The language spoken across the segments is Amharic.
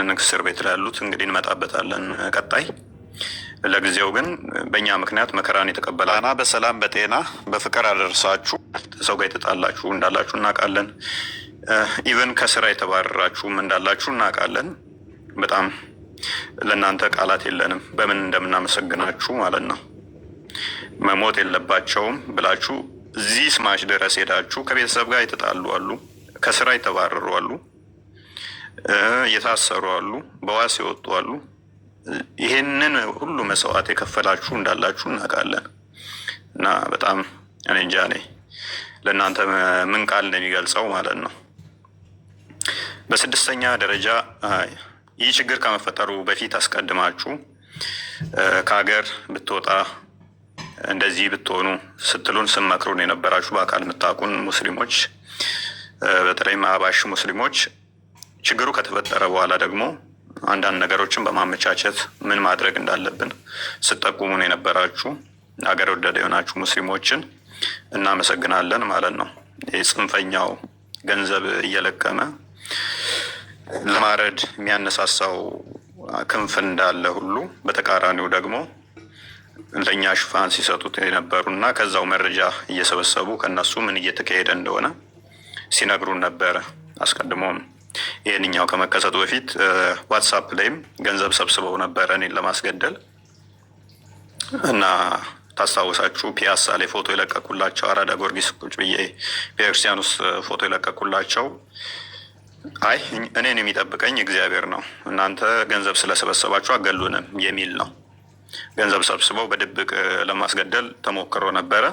ይህንን እስር ቤት ላሉት እንግዲህ እንመጣበታለን ቀጣይ። ለጊዜው ግን በእኛ ምክንያት መከራን ና በሰላም በጤና በፍቅር አደርሳችሁ ሰው ጋር የተጣላችሁ እንዳላችሁ እናውቃለን። ኢቨን ከስራ የተባረራችሁም እንዳላችሁ እናውቃለን። በጣም ለእናንተ ቃላት የለንም በምን እንደምናመሰግናችሁ ማለት ነው። መሞት የለባቸውም ብላችሁ እዚህ ስማች ድረስ ሄዳችሁ ከቤተሰብ ጋር የተጣሉ አሉ፣ ከስራ የተባረሩ አሉ። የታሰሩ አሉ፣ በዋስ የወጡ አሉ። ይህንን ሁሉ መስዋዕት የከፈላችሁ እንዳላችሁ እናውቃለን እና በጣም እኔ እንጃ ነኝ ለእናንተ ምን ቃል እንደሚገልጸው ማለት ነው። በስድስተኛ ደረጃ ይህ ችግር ከመፈጠሩ በፊት አስቀድማችሁ ከሀገር ብትወጣ እንደዚህ ብትሆኑ ስትሉን ስመክሩን የነበራችሁ በአካል የምታውቁን ሙስሊሞች፣ በተለይም አባሽ ሙስሊሞች ችግሩ ከተፈጠረ በኋላ ደግሞ አንዳንድ ነገሮችን በማመቻቸት ምን ማድረግ እንዳለብን ስጠቁሙን የነበራችሁ አገር ወዳድ የሆናችሁ ሙስሊሞችን እናመሰግናለን ማለት ነው። የጽንፈኛው ገንዘብ እየለቀመ ለማረድ የሚያነሳሳው ክንፍ እንዳለ ሁሉ በተቃራኒው ደግሞ ለእኛ ሽፋን ሲሰጡት የነበሩ እና ከዛው መረጃ እየሰበሰቡ ከነሱ ምን እየተካሄደ እንደሆነ ሲነግሩን ነበረ አስቀድሞም ይህንኛው ከመከሰቱ በፊት ዋትሳፕ ላይም ገንዘብ ሰብስበው ነበረ እኔን ለማስገደል እና ታስታውሳችሁ ፒያሳ ላይ ፎቶ የለቀኩላቸው አራዳ ጊዮርጊስ ቁጭ ብዬ ቤተክርስቲያን ውስጥ ፎቶ የለቀቁላቸው። አይ እኔን የሚጠብቀኝ እግዚአብሔር ነው፣ እናንተ ገንዘብ ስለሰበሰባችሁ አገሉንም የሚል ነው። ገንዘብ ሰብስበው በድብቅ ለማስገደል ተሞክሮ ነበረ።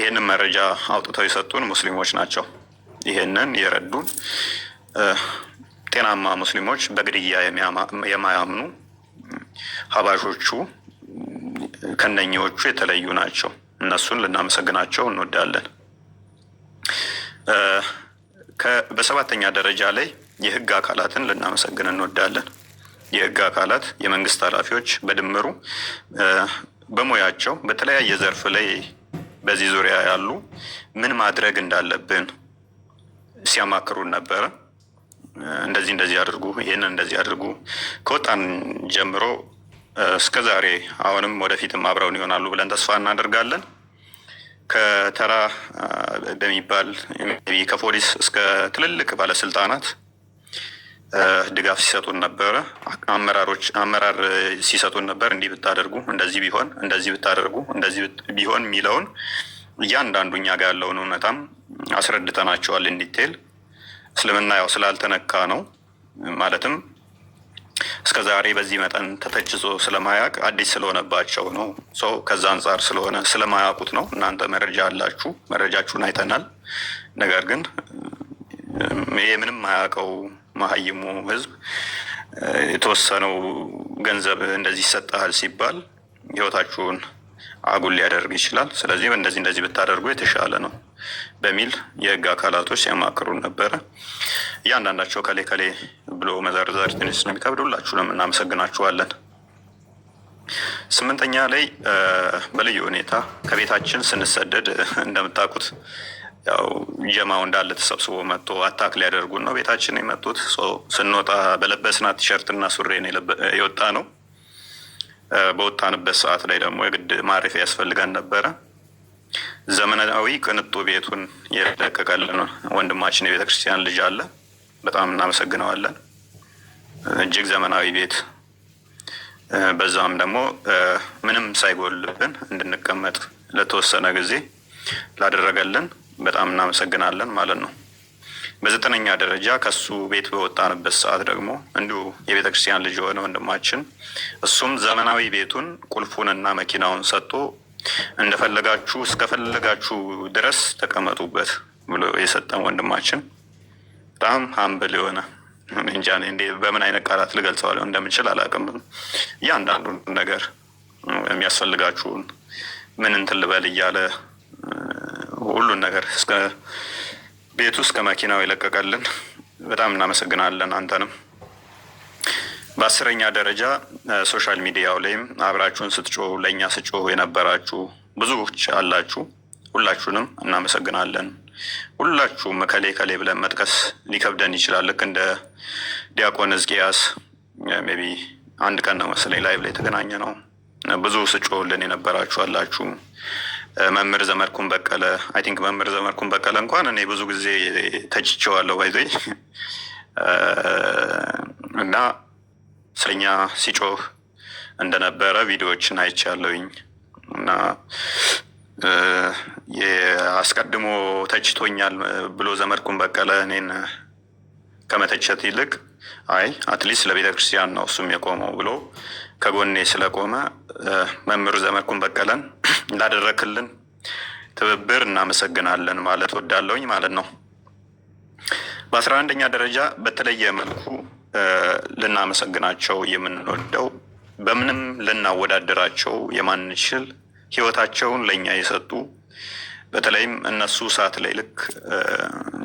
ይህንን መረጃ አውጥተው የሰጡን ሙስሊሞች ናቸው። ይህንን የረዱን ጤናማ ሙስሊሞች በግድያ የማያምኑ ሀባሾቹ ከነኚዎቹ የተለዩ ናቸው። እነሱን ልናመሰግናቸው እንወዳለን። በሰባተኛ ደረጃ ላይ የህግ አካላትን ልናመሰግን እንወዳለን። የህግ አካላት የመንግስት ኃላፊዎች በድምሩ በሙያቸው በተለያየ ዘርፍ ላይ በዚህ ዙሪያ ያሉ ምን ማድረግ እንዳለብን ሲያማክሩን ነበረ። እንደዚህ እንደዚህ አድርጉ፣ ይህንን እንደዚህ አድርጉ። ከወጣን ጀምሮ እስከ ዛሬ አሁንም ወደፊትም አብረውን ይሆናሉ ብለን ተስፋ እናደርጋለን። ከተራ በሚባል ከፖሊስ እስከ ትልልቅ ባለስልጣናት ድጋፍ ሲሰጡን ነበረ። አመራሮች አመራር ሲሰጡን ነበር። እንዲህ ብታደርጉ፣ እንደዚህ ቢሆን፣ እንደዚህ ብታደርጉ፣ እንደዚህ ቢሆን የሚለውን እያንዳንዱ እኛ ጋር ያለውን እውነታም አስረድተናቸዋል እንዲቴል። እስልምና ያው ስላልተነካ ነው ማለትም እስከ ዛሬ በዚህ መጠን ተተችጾ ስለማያውቅ አዲስ ስለሆነባቸው ነው። ሰው ከዛ አንጻር ስለሆነ ስለማያውቁት ነው። እናንተ መረጃ አላችሁ፣ መረጃችሁን አይተናል። ነገር ግን ይሄ ምንም ማያውቀው መሀይሙ ህዝብ የተወሰነው ገንዘብ እንደዚህ ይሰጠሃል ሲባል ህይወታችሁን አጉል ሊያደርግ ይችላል። ስለዚህ እንደዚህ እንደዚህ ብታደርጉ የተሻለ ነው። በሚል የህግ አካላቶች ሲያማክሩን ነበረ። እያንዳንዳቸው ከሌ ከሌ ብሎ መዘርዘር ትንሽ ስለሚከብዱላችሁ እናመሰግናችኋለን። ስምንተኛ ላይ በልዩ ሁኔታ ከቤታችን ስንሰደድ እንደምታውቁት ያው ጀማው እንዳለ ተሰብስቦ መጥቶ አታክ ሊያደርጉን ነው ቤታችን የመጡት። ስንወጣ በለበስናት ቲሸርትና ሱሬን የወጣ ነው። በወጣንበት ሰዓት ላይ ደግሞ የግድ ማረፊያ ያስፈልገን ነበረ። ዘመናዊ ቅንጡ ቤቱን የለቀቀልን ወንድማችን የቤተ ክርስቲያን ልጅ አለ። በጣም እናመሰግነዋለን። እጅግ ዘመናዊ ቤት፣ በዛም ደግሞ ምንም ሳይጎልብን እንድንቀመጥ ለተወሰነ ጊዜ ላደረገልን በጣም እናመሰግናለን ማለት ነው። በዘጠነኛ ደረጃ ከሱ ቤት በወጣንበት ሰዓት ደግሞ እንዲሁ የቤተ ክርስቲያን ልጅ የሆነ ወንድማችን እሱም ዘመናዊ ቤቱን ቁልፉንና መኪናውን ሰጥቶ እንደፈለጋችሁ እስከፈለጋችሁ ድረስ ተቀመጡበት ብሎ የሰጠን ወንድማችን በጣም ሀምብል የሆነ እንጃ በምን አይነት ቃላት ልገልጸዋለሁ እንደምችል አላውቅም። እያንዳንዱ ነገር የሚያስፈልጋችሁን ምን እንትን ልበል እያለ ሁሉን ነገር እስከ ቤቱ እስከ መኪናው የለቀቀልን በጣም እናመሰግናለን አንተንም በአስረኛ ደረጃ ሶሻል ሚዲያው ላይም አብራችሁን ስትጮሁ ለእኛ ስጮሁ የነበራችሁ ብዙዎች አላችሁ። ሁላችሁንም እናመሰግናለን። ሁላችሁም ከሌ ከሌ ብለን መጥቀስ ሊከብደን ይችላል። ልክ እንደ ዲያቆን እዝቅያስ ሜይ ቢ አንድ ቀን ነው መሰለኝ ላይቭ ላይ የተገናኘ ነው። ብዙ ስጮሁልን የነበራችሁ አላችሁ። መምህር ዘመድኩን በቀለ አይ ቲንክ መምህር ዘመድኩን በቀለ እንኳን እኔ ብዙ ጊዜ ተችቼዋለሁ ባይዘይ እና ስለኛ ሲጮህ እንደነበረ ቪዲዮዎችን አይቻለውኝ እና አስቀድሞ ተችቶኛል ብሎ ዘመድኩን በቀለ እኔን ከመተቸት ይልቅ አይ አትሊስት ለቤተ ክርስቲያን ነው እሱም የቆመው ብሎ ከጎኔ ስለቆመ መምህሩ ዘመድኩን በቀለን እንዳደረክልን ትብብር እናመሰግናለን ማለት ወዳለውኝ ማለት ነው። በአስራ አንደኛ ደረጃ በተለየ መልኩ ልናመሰግናቸው የምንወደው በምንም ልናወዳደራቸው የማንችል ህይወታቸውን ለእኛ የሰጡ በተለይም እነሱ ሰዓት ላይ ልክ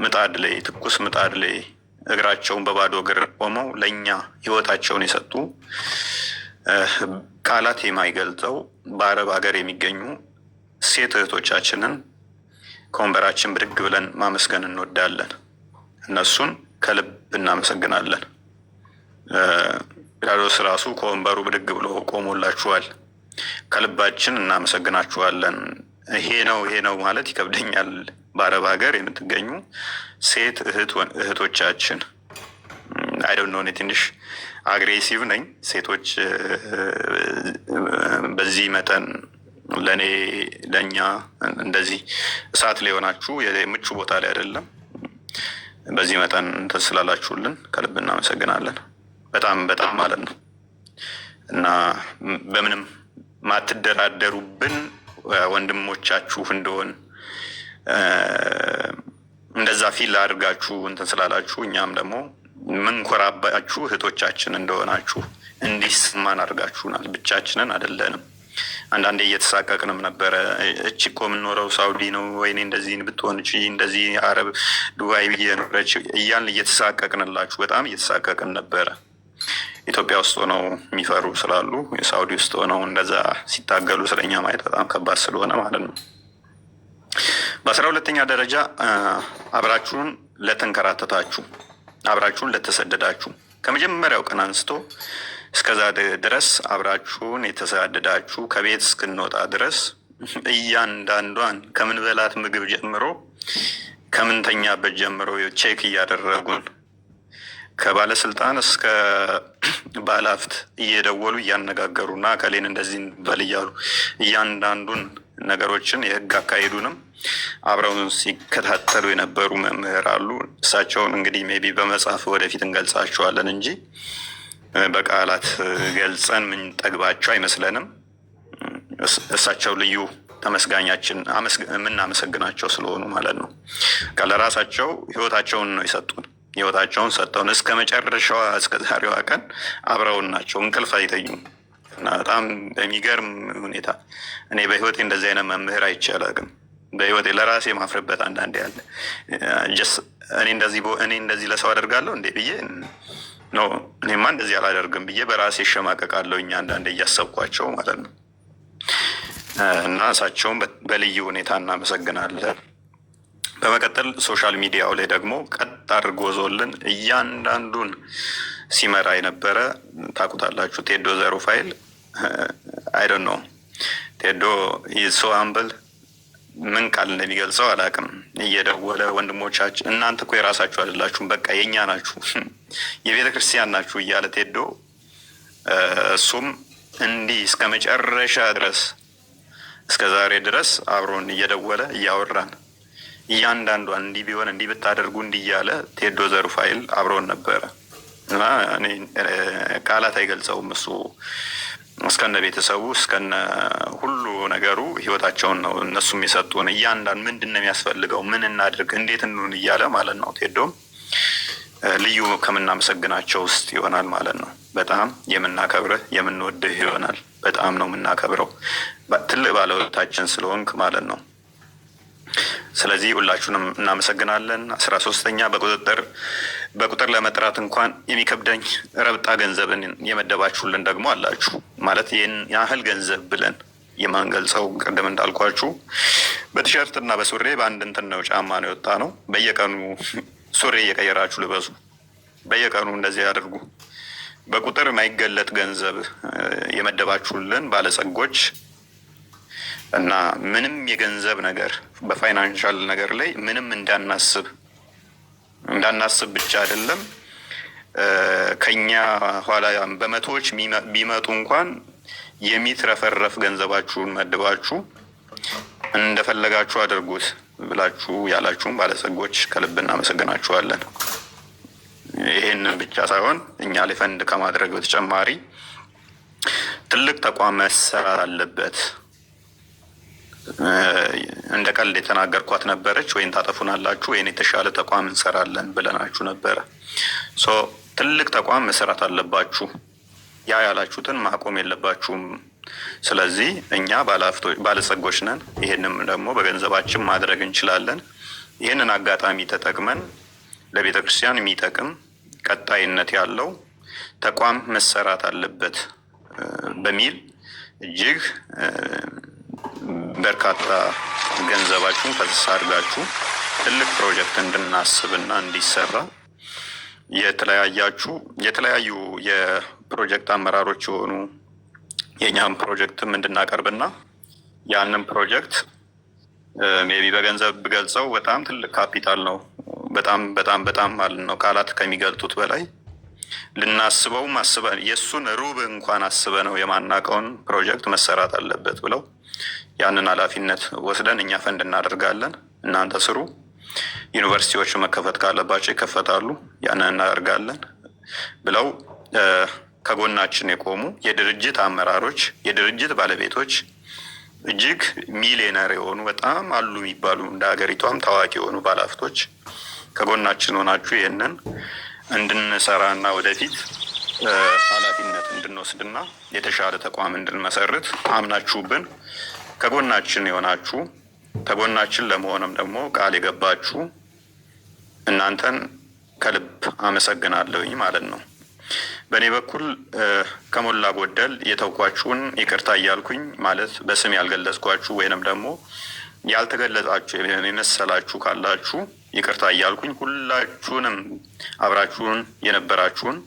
ምጣድ ላይ ትኩስ ምጣድ ላይ እግራቸውን በባዶ እግር ቆመው ለእኛ ህይወታቸውን የሰጡ ቃላት የማይገልጸው በአረብ ሀገር የሚገኙ ሴት እህቶቻችንን ከወንበራችን ብድግ ብለን ማመስገን እንወዳለን። እነሱን ከልብ እናመሰግናለን። ዳሪዮስ ራሱ ከወንበሩ ብድግ ብሎ ቆሞላችኋል። ከልባችን እናመሰግናችኋለን። ይሄ ነው ይሄ ነው ማለት ይከብደኛል። በአረብ ሀገር የምትገኙ ሴት እህቶቻችን አይደው ነው። እኔ ትንሽ አግሬሲቭ ነኝ። ሴቶች በዚህ መጠን ለእኔ ለእኛ እንደዚህ እሳት ላይ ሆናችሁ ምቹ ቦታ ላይ አይደለም። በዚህ መጠን ተስላላችሁልን ከልብ እናመሰግናለን። በጣም በጣም ማለት ነው እና በምንም ማትደራደሩብን ወንድሞቻችሁ እንደሆን እንደዛ ፊል አድርጋችሁ እንትን ስላላችሁ እኛም ደግሞ ምንኮራባችሁ እህቶቻችን እንደሆናችሁ እንዲሰማን አድርጋችሁናል። ብቻችንን አይደለንም። አንዳንዴ እየተሳቀቅንም ነበረ። እች እኮ የምንኖረው ሳውዲ ነው፣ ወይኔ እንደዚህ ብትሆን እ እንደዚህ አረብ ዱባይ ኖረች እያልን እየተሳቀቅንላችሁ በጣም እየተሳቀቅን ነበረ። ኢትዮጵያ ውስጥ ሆነው የሚፈሩ ስላሉ የሳውዲ ውስጥ ሆነው እንደዛ ሲታገሉ ስለኛ ማየት በጣም ከባድ ስለሆነ ማለት ነው። በአስራ ሁለተኛ ደረጃ አብራችሁን ለተንከራተታችሁ፣ አብራችሁን ለተሰደዳችሁ ከመጀመሪያው ቀን አንስቶ እስከዛ ድረስ አብራችሁን የተሰደዳችሁ ከቤት እስክንወጣ ድረስ እያንዳንዷን ከምንበላት ምግብ ጀምሮ ከምንተኛበት ጀምሮ ቼክ እያደረጉን ከባለስልጣን እስከ ባለሀብት እየደወሉ እያነጋገሩ እና ከሌን እንደዚህ በል እያሉ እያንዳንዱን ነገሮችን የህግ አካሄዱንም አብረውን ሲከታተሉ የነበሩ መምህር አሉ። እሳቸውን እንግዲህ ሜቢ በመጽሐፍ ወደፊት እንገልጻቸዋለን እንጂ በቃላት ገልጸን የምንጠግባቸው አይመስለንም። እሳቸው ልዩ ተመስጋኛችን የምናመሰግናቸው ስለሆኑ ማለት ነው። ለራሳቸው ህይወታቸውን ነው የሰጡን። ህይወታቸውን ሰጥተውን እስከ መጨረሻዋ እስከ ዛሬዋ ቀን አብረውን ናቸው። እንቅልፍ አይተኙም እና በጣም በሚገርም ሁኔታ እኔ በህይወቴ እንደዚህ አይነት መምህር አይቼ አላውቅም። በህይወቴ ለራሴ ማፍርበት አንዳንዴ ያለ እኔ እንደዚህ እኔ እንደዚህ ለሰው አደርጋለሁ እንዴ ብዬ ኖ እኔማ እንደዚህ አላደርግም ብዬ በራሴ እሸማቀቃለሁ። እኛ አንዳንዴ እያሰብኳቸው ማለት ነው እና እሳቸውም በልዩ ሁኔታ እናመሰግናለን። በመቀጠል ሶሻል ሚዲያው ላይ ደግሞ ቀጥ አድርጎ ዞልን እያንዳንዱን ሲመራ የነበረ ታውቁታላችሁ። ቴዶ ዘሮ ፋይል አይደን ነው። ቴዶ ይሶ አምበል ምን ቃል እንደሚገልጸው አላውቅም። እየደወለ ወንድሞቻችን እናንተ እኮ የራሳችሁ አይደላችሁም፣ በቃ የእኛ ናችሁ፣ የቤተ ክርስቲያን ናችሁ እያለ ቴዶ እሱም እንዲህ እስከ መጨረሻ ድረስ እስከ ዛሬ ድረስ አብሮን እየደወለ እያወራን እያንዳንዷን እንዲህ ቢሆን እንዲህ ብታደርጉ እንዲህ እያለ ቴዶ ዘሩ ፋይል አብረውን ነበረ እና ቃላት አይገልጸውም። እሱ እስከነ ቤተሰቡ እስከነ ሁሉ ነገሩ ህይወታቸውን ነው እነሱም የሰጡን። እያንዳንዱ ምንድን ነው የሚያስፈልገው፣ ምን እናድርግ፣ እንዴት እንሁን እያለ ማለት ነው። ቴዶም ልዩ ከምናመሰግናቸው ውስጥ ይሆናል ማለት ነው። በጣም የምናከብርህ የምንወድህ ይሆናል። በጣም ነው የምናከብረው ትልቅ ባለውለታችን ስለሆንክ ማለት ነው። ስለዚህ ሁላችሁንም እናመሰግናለን። አስራ ሶስተኛ በቁጥጥር በቁጥር ለመጥራት እንኳን የሚከብደኝ ረብጣ ገንዘብን የመደባችሁልን ደግሞ አላችሁ። ማለት ይህን ያህል ገንዘብ ብለን የማንገልጸው ቅድም እንዳልኳችሁ በቲሸርት እና በሱሬ በአንድ እንትን ነው ጫማ ነው የወጣ ነው። በየቀኑ ሱሬ እየቀየራችሁ ልበሱ። በየቀኑ እንደዚህ ያደርጉ። በቁጥር የማይገለጥ ገንዘብ የመደባችሁልን ባለጸጎች እና ምንም የገንዘብ ነገር በፋይናንሻል ነገር ላይ ምንም እንዳናስብ እንዳናስብ ብቻ አይደለም ከኛ ኋላ በመቶዎች ቢመጡ እንኳን የሚትረፈረፍ ገንዘባችሁን መድባችሁ እንደፈለጋችሁ አድርጉት ብላችሁ ያላችሁም ባለጸጎች ከልብ እናመሰግናችኋለን። ይሄንን ብቻ ሳይሆን እኛ ላይ ፈንድ ከማድረግ በተጨማሪ ትልቅ ተቋም መሰራት አለበት። እንደ ቀልድ የተናገርኳት ነበረች። ወይን ታጠፉናላችሁ ወይን የተሻለ ተቋም እንሰራለን ብለናችሁ ነበረ። ሶ ትልቅ ተቋም መሰራት አለባችሁ። ያ ያላችሁትን ማቆም የለባችሁም። ስለዚህ እኛ ባለጸጎች ነን። ይህንም ደግሞ በገንዘባችን ማድረግ እንችላለን። ይህንን አጋጣሚ ተጠቅመን ለቤተ ክርስቲያን የሚጠቅም ቀጣይነት ያለው ተቋም መሰራት አለበት በሚል እጅግ በርካታ ገንዘባችሁን ፈሰስ አድርጋችሁ ትልቅ ፕሮጀክት እንድናስብና እንዲሰራ የተለያያችሁ የተለያዩ የፕሮጀክት አመራሮች የሆኑ የእኛም ፕሮጀክትም እንድናቀርብና ያንን ፕሮጀክት ሜቢ በገንዘብ ብገልጸው በጣም ትልቅ ካፒታል ነው። በጣም በጣም በጣም ማለት ነው ቃላት ከሚገልጡት በላይ ልናስበው ማስበን የእሱን ሩብ እንኳን አስበ ነው የማናቀውን ፕሮጀክት መሰራት አለበት ብለው ያንን ኃላፊነት ወስደን እኛ ፈንድ እናደርጋለን፣ እናንተ ስሩ። ዩኒቨርሲቲዎቹ መከፈት ካለባቸው ይከፈታሉ፣ ያንን እናደርጋለን ብለው ከጎናችን የቆሙ የድርጅት አመራሮች፣ የድርጅት ባለቤቶች እጅግ ሚሊዮነር የሆኑ በጣም አሉ የሚባሉ እንደ ሀገሪቷም ታዋቂ የሆኑ ባለሀብቶች ከጎናችን ሆናችሁ ይህንን እና ወደፊት ኃላፊነት እንድንወስድና የተሻለ ተቋም እንድንመሰርት አምናችሁብን ከጎናችን የሆናችሁ ከጎናችን ለመሆንም ደግሞ ቃል የገባችሁ እናንተን ከልብ አመሰግናለሁኝ ማለት ነው። በእኔ በኩል ከሞላ ጎደል የተውኳችሁን ይቅርታ እያልኩኝ ማለት በስም ያልገለጽኳችሁ ወይንም ደግሞ ያልተገለጣችሁ የመሰላችሁ ካላችሁ ይቅርታ እያልኩኝ ሁላችሁንም አብራችሁን የነበራችሁን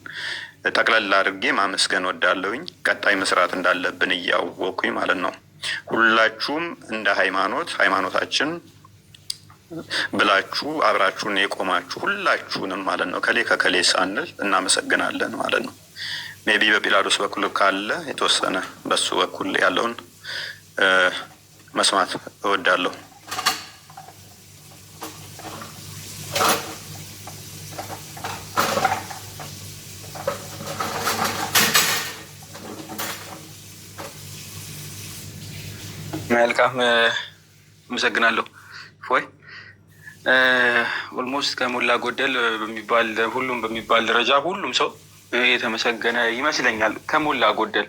ጠቅለላ አድርጌ ማመስገን ወዳለሁኝ። ቀጣይ መስራት እንዳለብን እያወኩኝ ማለት ነው። ሁላችሁም እንደ ሃይማኖት ሃይማኖታችን ብላችሁ አብራችሁን የቆማችሁ ሁላችሁንም ማለት ነው ከሌ ከከሌ ሳንል እናመሰግናለን ማለት ነው። ሜቢ በጲላዶስ በኩል ካለ የተወሰነ በሱ በኩል ያለውን መስማት እወዳለሁ። መልካም አመሰግናለሁ። ፎይ ኦልሞስት ከሞላ ጎደል በሚባል ሁሉም በሚባል ደረጃ ሁሉም ሰው የተመሰገነ ይመስለኛል ከሞላ ጎደል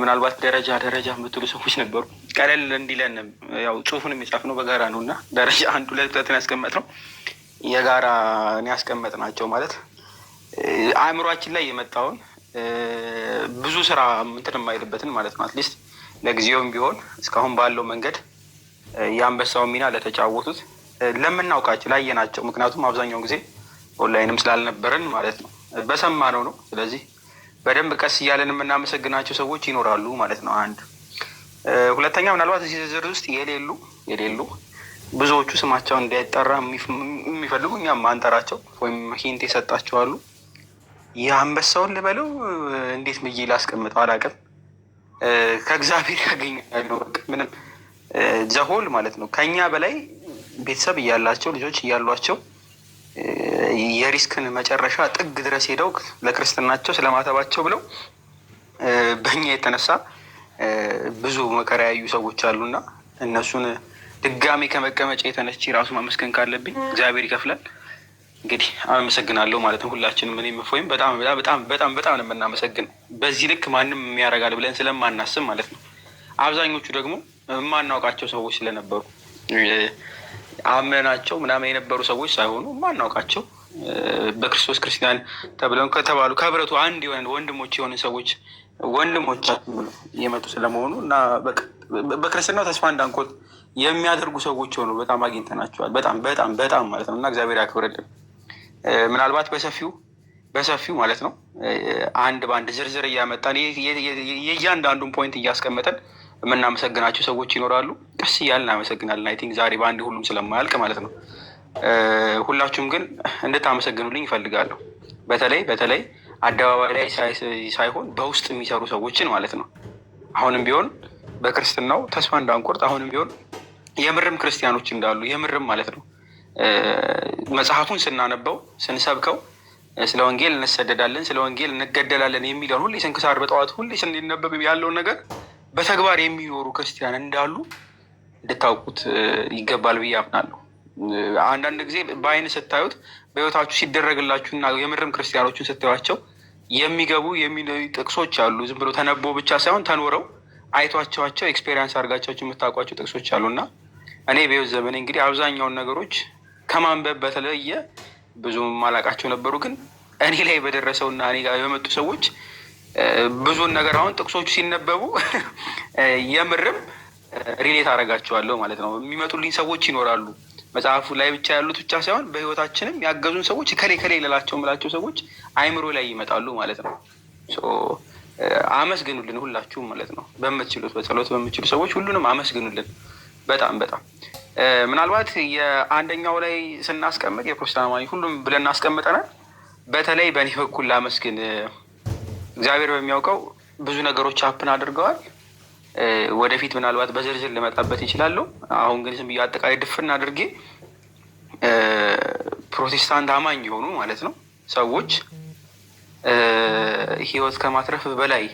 ምናልባት ደረጃ ደረጃ የምትሉ ሰዎች ነበሩ። ቀለል እንዲለን ያው ጽሁፉን የሚጻፍ ነው በጋራ ነው እና ደረጃ አንድ ሁለት ሁለትን ያስቀመጥ ነው የጋራ ያስቀመጥ ናቸው ማለት አእምሯችን ላይ የመጣውን ብዙ ስራ ምንትን የማይልበትን ማለት ነው። አትሊስት ለጊዜውም ቢሆን እስካሁን ባለው መንገድ የአንበሳውን ሚና ለተጫወቱት ለምናውቃቸው ላየናቸው፣ ምክንያቱም አብዛኛውን ጊዜ ኦንላይንም ስላልነበረን ማለት ነው በሰማነው ነው። ስለዚህ በደንብ ቀስ እያለን የምናመሰግናቸው ሰዎች ይኖራሉ ማለት ነው። አንድ ሁለተኛ፣ ምናልባት እዚህ ዝርዝር ውስጥ የሌሉ የሌሉ ብዙዎቹ ስማቸው እንዳይጠራ የሚፈልጉ እኛም አንጠራቸው ወይም ሂንት የሰጣቸዋሉ። የአንበሳውን ልበለው እንዴት ብዬ ላስቀምጠው አላውቅም። ከእግዚአብሔር ያገኛሉ ምንም ዘሆል ማለት ነው። ከኛ በላይ ቤተሰብ እያላቸው ልጆች እያሏቸው የሪስክን መጨረሻ ጥግ ድረስ ሄደው ለክርስትናቸው ስለማተባቸው ብለው በእኛ የተነሳ ብዙ መከራ ያዩ ሰዎች አሉና እነሱን ድጋሜ ከመቀመጫ የተነች ራሱ ማመስገን ካለብኝ እግዚአብሔር ይከፍላል። እንግዲህ አመሰግናለሁ ማለት ነው። ሁላችንም እኔም እፎይም በጣም በጣም በጣም በጣም ነው የምናመሰግን። በዚህ ልክ ማንም የሚያደርጋል ብለን ስለማናስብ ማለት ነው። አብዛኞቹ ደግሞ የማናውቃቸው ሰዎች ስለነበሩ አመናቸው ምናምን የነበሩ ሰዎች ሳይሆኑ ማናውቃቸው በክርስቶስ ክርስቲያን ተብለው ከተባሉ ከህብረቱ አንድ የሆነ ወንድሞች የሆነ ሰዎች ወንድሞቻችን የመጡ ስለመሆኑ እና በክርስትናው ተስፋ እንዳንቆርጥ የሚያደርጉ ሰዎች ሆኑ በጣም አግኝተናቸዋል። በጣም በጣም በጣም ማለት ነው እና እግዚአብሔር ያክብርልን። ምናልባት በሰፊው በሰፊው ማለት ነው አንድ በአንድ ዝርዝር እያመጣን የእያንዳንዱን ፖይንት እያስቀመጠን የምናመሰግናቸው ሰዎች ይኖራሉ። ቀስ እያል እናመሰግናለን። አይ ቲንክ ዛሬ በአንድ ሁሉም ስለማያልቅ ማለት ነው። ሁላችሁም ግን እንድታመሰግኑልኝ ይፈልጋለሁ። በተለይ በተለይ አደባባይ ላይ ሳይሆን በውስጥ የሚሰሩ ሰዎችን ማለት ነው። አሁንም ቢሆን በክርስትናው ተስፋ እንዳንቆርጥ፣ አሁንም ቢሆን የምርም ክርስቲያኖች እንዳሉ የምርም ማለት ነው መጽሐፉን ስናነበው ስንሰብከው ስለ ወንጌል እንሰደዳለን፣ ስለ ወንጌል እንገደላለን የሚለውን ሁሌ ስንክሳር በጠዋት ሁሌ ስንነበብ ያለውን ነገር በተግባር የሚኖሩ ክርስቲያን እንዳሉ እንድታውቁት ይገባል ብዬ አምናለሁ። አንዳንድ ጊዜ በአይን ስታዩት በህይወታችሁ ሲደረግላችሁና እና የምርም ክርስቲያኖችን ስታዩቸው የሚገቡ ጥቅሶች አሉ። ዝም ብሎ ተነቦ ብቻ ሳይሆን ተኖረው አይቷቸዋቸው ኤክስፔሪንስ አድርጋቸው የምታውቋቸው ጥቅሶች አሉ እና እኔ በህይወት ዘመኔ እንግዲህ አብዛኛውን ነገሮች ከማንበብ በተለየ ብዙ ማላቃቸው ነበሩ፣ ግን እኔ ላይ በደረሰውና እኔ ጋር በመጡ ሰዎች ብዙን ነገር አሁን ጥቅሶቹ ሲነበቡ የምርም ሪሌት አደርጋቸዋለሁ ማለት ነው። የሚመጡልኝ ሰዎች ይኖራሉ። መጽሐፉ ላይ ብቻ ያሉት ብቻ ሳይሆን በህይወታችንም ያገዙን ሰዎች ከሌ ከሌ ልላቸው የምላቸው ሰዎች አይምሮ ላይ ይመጣሉ ማለት ነው። አመስግኑልን ሁላችሁም ማለት ነው። በምትችሉት በጸሎት በምትችሉ ሰዎች ሁሉንም አመስግኑልን። በጣም በጣም ምናልባት የአንደኛው ላይ ስናስቀምጥ የፕሮቴስታንት ሁሉም ብለን እናስቀምጠናል። በተለይ በእኔ በኩል ላመስግን እግዚአብሔር በሚያውቀው ብዙ ነገሮች ሀፕን አድርገዋል። ወደፊት ምናልባት በዝርዝር ልመጣበት ይችላሉ። አሁን ግን ዝም ብዬ አጠቃላይ ድፍን አድርጌ ፕሮቴስታንት አማኝ የሆኑ ማለት ነው ሰዎች ህይወት ከማትረፍ በላይ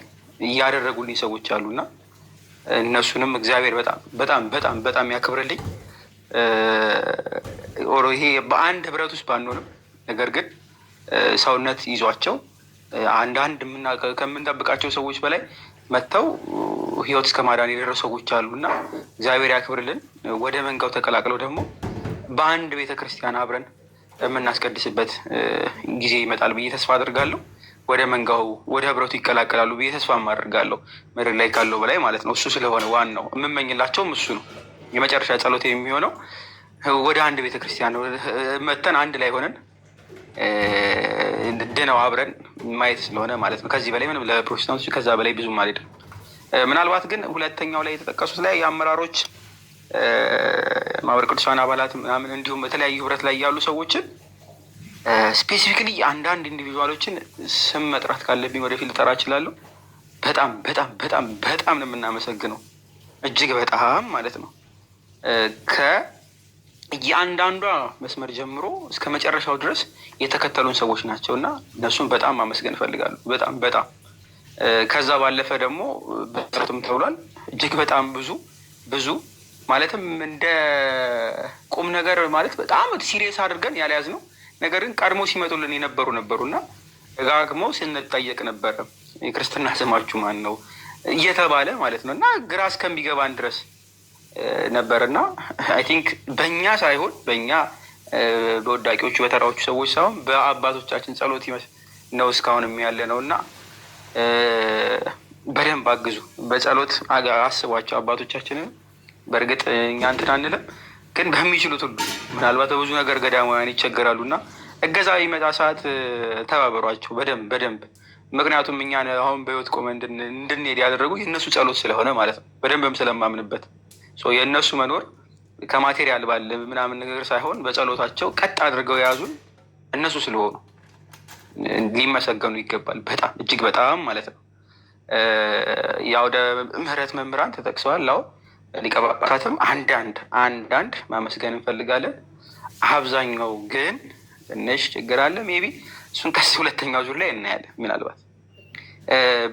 እያደረጉልኝ ሰዎች አሉና እነሱንም እግዚአብሔር በጣም በጣም በጣም በጣም ያክብርልኝ። ይሄ በአንድ ህብረት ውስጥ ባንሆንም ነገር ግን ሰውነት ይዟቸው አንዳንድ ከምንጠብቃቸው ሰዎች በላይ መጥተው ህይወት እስከ ማዳን የደረሱ ሰዎች አሉ እና እግዚአብሔር ያክብርልን። ወደ መንጋው ተቀላቅለው ደግሞ በአንድ ቤተ ክርስቲያን አብረን የምናስቀድስበት ጊዜ ይመጣል ብዬ ተስፋ አድርጋለሁ። ወደ መንጋው ወደ ህብረቱ ይቀላቀላሉ ብዬ ተስፋ አድርጋለሁ። ምድር ላይ ካለው በላይ ማለት ነው። እሱ ስለሆነ ዋናው የምመኝላቸውም እሱ ነው። የመጨረሻ ጸሎት የሚሆነው ወደ አንድ ቤተክርስቲያን መተን አንድ ላይ ሆነን ድነው አብረን ማየት ስለሆነ ማለት ነው። ከዚህ በላይ ምንም ለፕሮቴስታንቶች ከዛ በላይ ብዙም አልሄድም። ምናልባት ግን ሁለተኛው ላይ የተጠቀሱት ላይ የአመራሮች ማህበረ ቅዱሳን አባላት ምናምን እንዲሁም በተለያዩ ህብረት ላይ ያሉ ሰዎችን ስፔሲፊክሊ አንዳንድ ኢንዲቪዥዋሎችን ስም መጥራት ካለብኝ ወደፊት ልጠራ እችላለሁ። በጣም በጣም በጣም በጣም ነው የምናመሰግነው እጅግ በጣም ማለት ነው ከ እያንዳንዷ መስመር ጀምሮ እስከ መጨረሻው ድረስ የተከተሉን ሰዎች ናቸው እና እነሱን በጣም ማመስገን እፈልጋለሁ። በጣም በጣም ከዛ ባለፈ ደግሞ በጥርትም ተብሏል። እጅግ በጣም ብዙ ብዙ ማለትም እንደ ቁም ነገር ማለት በጣም ሲሪየስ አድርገን ያለያዝ ነው። ነገር ግን ቀድሞ ሲመጡልን የነበሩ ነበሩ እና ደጋግሞ ስንጠየቅ ነበረ የክርስትና ስማችሁ ማን ነው እየተባለ ማለት ነው እና ግራ እስከሚገባን ድረስ ነበር እና አይ ቲንክ በእኛ ሳይሆን በእኛ በወዳቂዎቹ በተራዎቹ ሰዎች ሳይሆን በአባቶቻችን ጸሎት ነው እስካሁንም ያለ ነው እና በደንብ አግዙ፣ በጸሎት አስቧቸው አባቶቻችንን። በእርግጥ እኛ እንትን አንልም፣ ግን በሚችሉት ሁሉ ምናልባት በብዙ ነገር ገዳማውያን ይቸገራሉ እና እገዛ ይመጣ ሰዓት ተባበሯቸው በደንብ በደንብ። ምክንያቱም እኛን አሁን በህይወት ቆመ እንድንሄድ ያደረጉ የእነሱ ጸሎት ስለሆነ ማለት ነው በደንብም ስለማምንበት የእነሱ መኖር ከማቴሪያል ባለ ምናምን ነገር ሳይሆን በጸሎታቸው ቀጥ አድርገው የያዙን እነሱ ስለሆኑ ሊመሰገኑ ይገባል። በጣም እጅግ በጣም ማለት ነው። ያው ወደ ምህረት መምህራን ተጠቅሰዋል። ላው ሊቀ ጳጳሳትም አንዳንድ አንዳንድ ማመስገን እንፈልጋለን። አብዛኛው ግን ትንሽ ችግር አለ። ሜቢ ቢ እሱን ከስ ሁለተኛው ዙር ላይ እናያለን። ምናልባት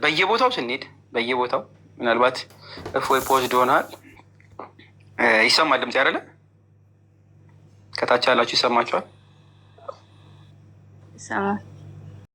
በየቦታው ስንሄድ በየቦታው ምናልባት እፎይ ፖዝድ ሆናል ይሰማል ድምፅ ያደለ ከታች ያላችሁ ይሰማችኋል።